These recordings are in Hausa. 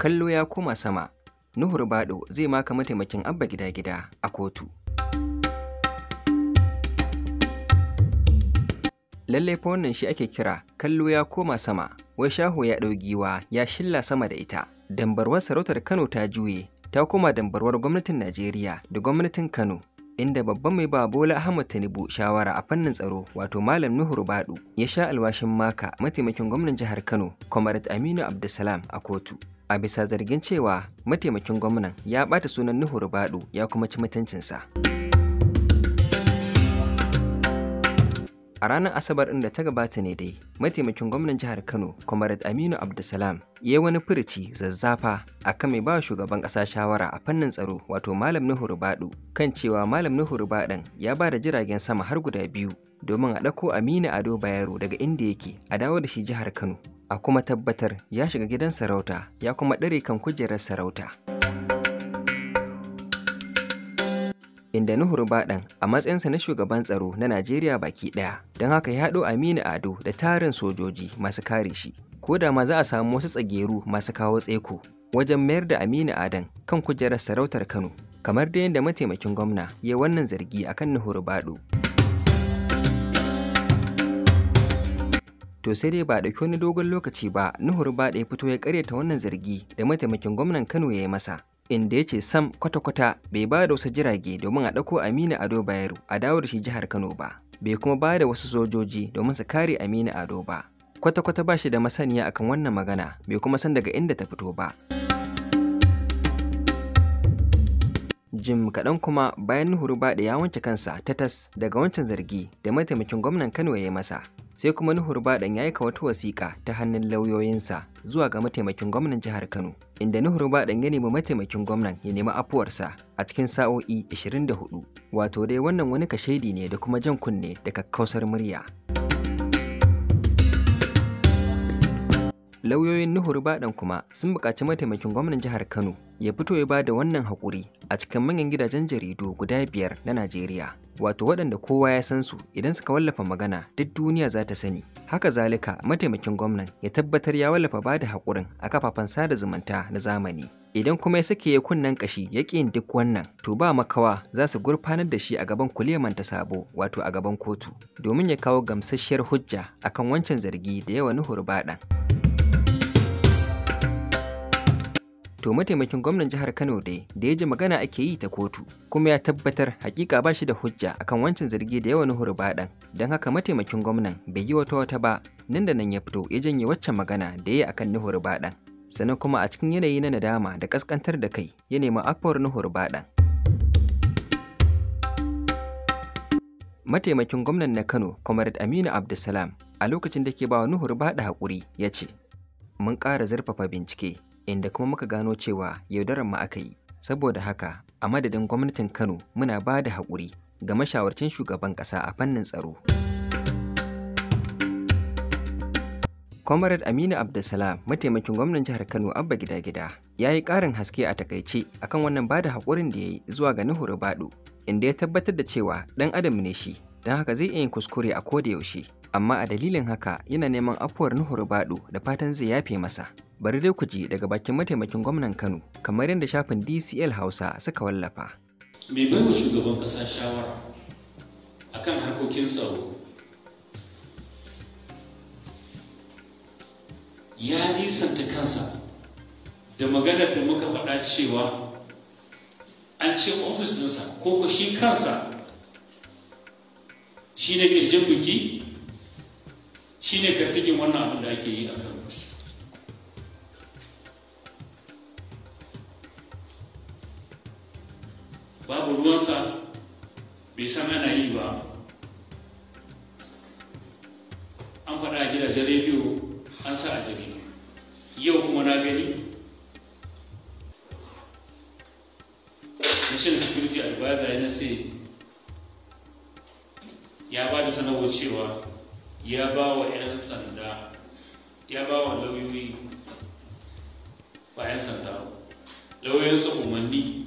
kallo ya koma sama nuhu rubado zai maka mataimakin abba gida gida a kotu lallai fa wannan shi ake kira kallo ya koma sama wai shaho ya ɗau giwa ya shilla sama da ita dambarwar sarautar kano ta juye ta koma dambarwar gwamnatin najeriya da gwamnatin kano inda babban mai ba Bola Ahmad Tinubu shawara a fannin tsaro wato Malam Nuhur Bado ya sha alwashin maka mataimakin gwamnan jihar Kano Comrade Aminu Abdulsalam a kotu. a bisa zargin cewa mataimakin gwamnan ya ɓata sunan Nuhu Rubadu ya kuma ci mutuncinsa. A ranar Asabar ɗin da ta gabata ne dai, mataimakin gwamnan jihar Kano, Comrade Aminu Abdulsalam, ya wani furici zazzafa a kan mai ba shugaban ƙasa shawara a fannin tsaro wato Malam Nuhu Rubadu kan cewa Malam Nuhu Rubadun ya ba da jiragen sama har guda biyu domin a ɗauko Aminu Ado Bayero daga inda yake a dawo da shi jihar Kano. a kuma tabbatar ya shiga gidan sarauta ya kuma ɗare kan kujerar sarauta. Inda Nuhu Rubaɗan a matsayinsa na shugaban tsaro na Najeriya baki ɗaya, don haka ya haɗo Aminu Ado da tarin sojoji masu kare shi, ko da ma za a samu wasu tsageru masu kawo tseko wajen mayar da Aminu Adan kan kujerar sarautar Kano, kamar da yadda mataimakin gwamna ya wannan zargi akan Nuhu Rubaɗo. To sai dai ba ɗauki wani dogon lokaci ba Nuhu da ya fito ya karyata wannan zargi da mataimakin gwamnan Kano ya yi masa. Inda ya ce Sam kwata-kwata bai ba da wasu jirage domin a ɗauko Aminu Ado Bayero a dawo da shi jihar Kano ba. Bai kuma ba da wasu sojoji domin su kare Aminu Ado ba. Kwata-kwata ba shi da masaniya akan wannan magana bai kuma san daga inda ta fito ba. jim kaɗan kuma bayan nuhuru baɗe ya wanke kansa ta tas daga wancan zargi da mataimakin gwamnan kano ya yi masa sai kuma nuhuru baɗen ya aika wata wasiƙa ta hannun lauyoyinsa zuwa ga mataimakin gwamnan jihar kano inda nuhuru baɗen ya nemi mataimakin gwamnan ya nemi afuwarsa a cikin sa'o'i 24 wato dai wannan wani kashedi ne da kuma jan kunne da kakkausar murya lauyoyin Nuhur Baɗan kuma sun buƙaci mataimakin gwamnan jihar kano ya fito ya bada wannan haƙuri a cikin manyan gidajen jaridu guda biyar na najeriya wato waɗanda kowa ya san su idan suka wallafa magana duk duniya za ta sani haka zalika mataimakin gwamnan ya tabbatar ya wallafa bada haƙurin a kafafen sada zumunta na zamani idan kuma ya sake ya kunnen ƙashi ya ƙin duk wannan to ba makawa za su gurfanar da shi a gaban kuleman ta sabo wato a gaban kotu domin ya kawo gamsasshiyar hujja akan wancan zargi da yawa Nuhur Baɗan. to mataimakin gwamnan jihar Kano dai da ya ji magana ake yi ta kotu kuma ya tabbatar hakika ba shi da hujja akan wancan zargi da yawa Nuhur Badan don haka mataimakin gwamnan bai yi wata wata ba nan da nan ya fito ya janye waccan magana da ya yi akan Nuhur Badan sannan kuma a cikin yanayi na nadama da kaskantar da kai ya nemi afuwar Nuhur Badan mataimakin gwamnan na Kano Comrade Aminu Abdulsalam a lokacin da ke ba wa Nuhur haƙuri ya ce mun ƙara zurfafa bincike inda kuma muka gano cewa yaudarar mu aka yi saboda haka a madadin gwamnatin kano muna ba da haƙuri ga mashawarcin shugaban ƙasa a fannin tsaro Comrade Aminu Abdulsalam, mataimakin gwamnan jihar Kano Abba Gida Gida, ya yi ƙarin haske a takaice akan wannan bada haƙurin da ya yi zuwa ga Nuhu Rubadu, inda ya tabbatar da cewa ɗan adam ne shi, don haka zai iya yin kuskure a koda yaushe. amma a dalilin haka yana neman afuwar Nuhu Rubadu da fatan zai yafe masa. Bari dai ku ji daga bakin mataimakin gwamnan Kano kamar yadda shafin DCL Hausa suka wallafa. Mai baiwa shugaban ƙasa shawara akan harkokin tsaro ya nisanta kansa da maganar da muka faɗa cewa an ce ofis ɗinsa ko ko shi kansa shi ne ƙirjin biki Shi ne kartikin wannan abin da ake yi a kan babu ruwansa bai san ana yi ba an faɗa a gidajen rediyo an sa a jaridu yau kuma na gani national security advisor ya nace ya ba da sanarwar cewa ya ba wa 'yan sanda ya ba wa lauyoyi ba 'yan sanda su umarni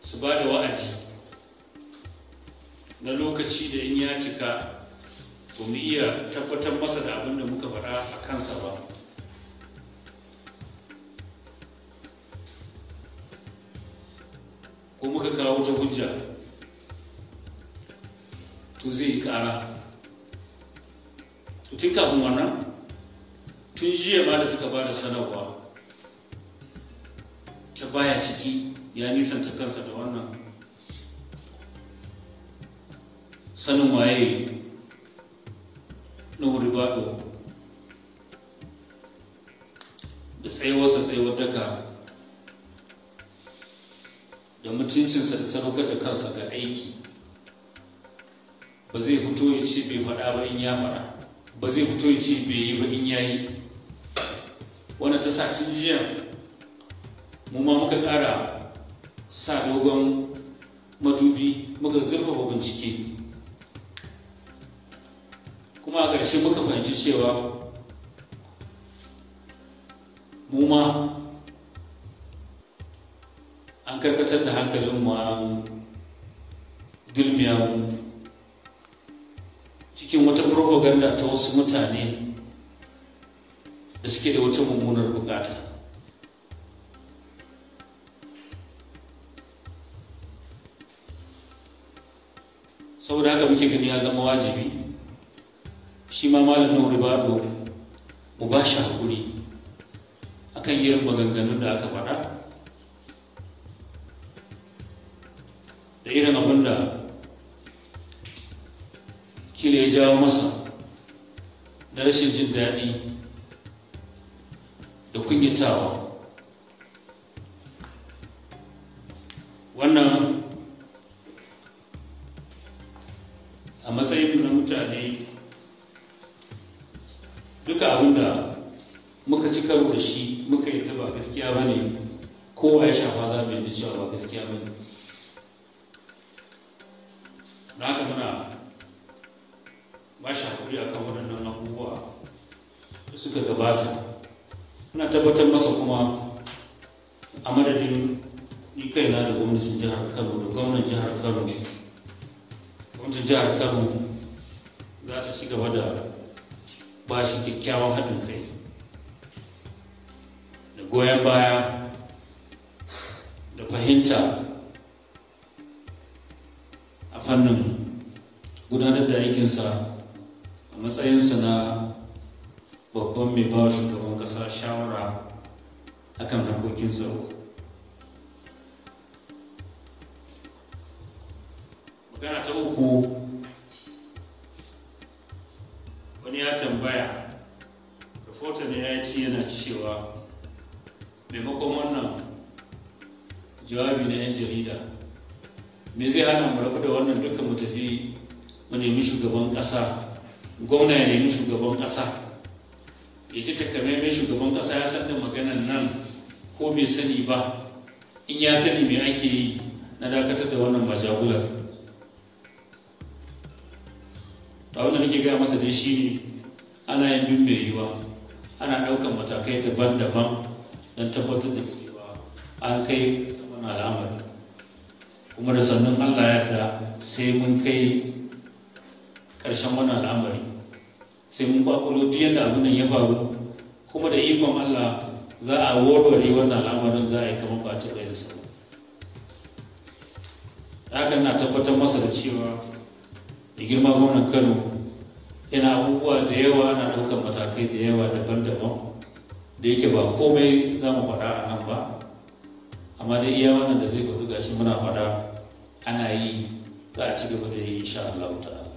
su ba da wa'adi na lokaci da in ya cika ba mu iya tabbatar masa da abin da muka faɗa a kansa ba ko muka kawo ta hujja to zai yi ƙara tun kafin wannan tun jiya ma da suka ba da sanarwa ta baya ciki ya nisanta kansa da wannan sanin waye na wuri baɗo da tsayuwarsa tsayuwar daga da mutuncinsa da sadaukar da kansa ga aiki ba zai fito ya ce bai faɗa ba in ya faɗa ba zai fito ya ce bai yi ba in ya yi. Wani ta sa tun jiya mu ma muka ƙara sa dogon madubi muka zurfafa bincike kuma a ƙarshe muka fahimci cewa mu ma an karkatar da hankalin an dulmiya mu cikin wata propaganda ta wasu mutane da suke da wata mummunar bukata saboda haka muke gani ya zama wajibi shi ma malamin ribado mu ba shi kan yi irin maganganun da aka faɗa da irin abin da shi ya jawo masa da rashin jin daɗi da kunyatawa wannan a matsayin na mutane duka abinda muka ci karo da shi muka yi ba gaskiya ba ne kowa ya shafa za mu yi cewa ba gaskiya ba ne na haka muna ba shi hakuri a kan waɗannan abubuwa da suka gabata muna tabbatar masa kuma a madadin ni kaina da gwamnatin jihar kano da gwamnan jihar kano gwamnatin jihar kano za ta ci gaba da bashi shi kyakkyawan haɗin kai da goyon baya da fahimta a fannin gudanar da aikinsa matsayinsa na babban mai ba shugaban ƙasa shawara akan harkokin tsaro magana ta uku wani ya tambaya rahoton ya ci yana cewa maimakon wannan jawabi na 'yan jarida me zai hana mu rabu da wannan dukkan mu tafi mu nemi shugaban ƙasa gwamna ya nemi shugaban kasa ya ji takamaiman shugaban ƙasa ya san da maganan nan ko bai sani ba in ya sani mai ake yi na dakatar da wannan majagular abin da nake gaya masa dai shine ana yin bin mai ana ɗaukan matakai daban-daban don tabbatar da cewa an kai saman al'amari kuma da sannan allah ya yadda sai mun kai ƙarshen wannan al'amari sai mun kwakwalo duk yadda abin nan ya faru kuma da ikon Allah za a warware wannan al'amarin za a yi kamar ba ta bayan sa ba na tabbatar masa da cewa da girma gwamnan Kano yana abubuwa da yawa ana ɗaukar matakai da yawa daban-daban da yake ba komai za mu faɗa a nan ba amma dai iya wannan da zai faɗi gashi muna faɗa ana yi za a ci gaba da yi insha Allah ta'ala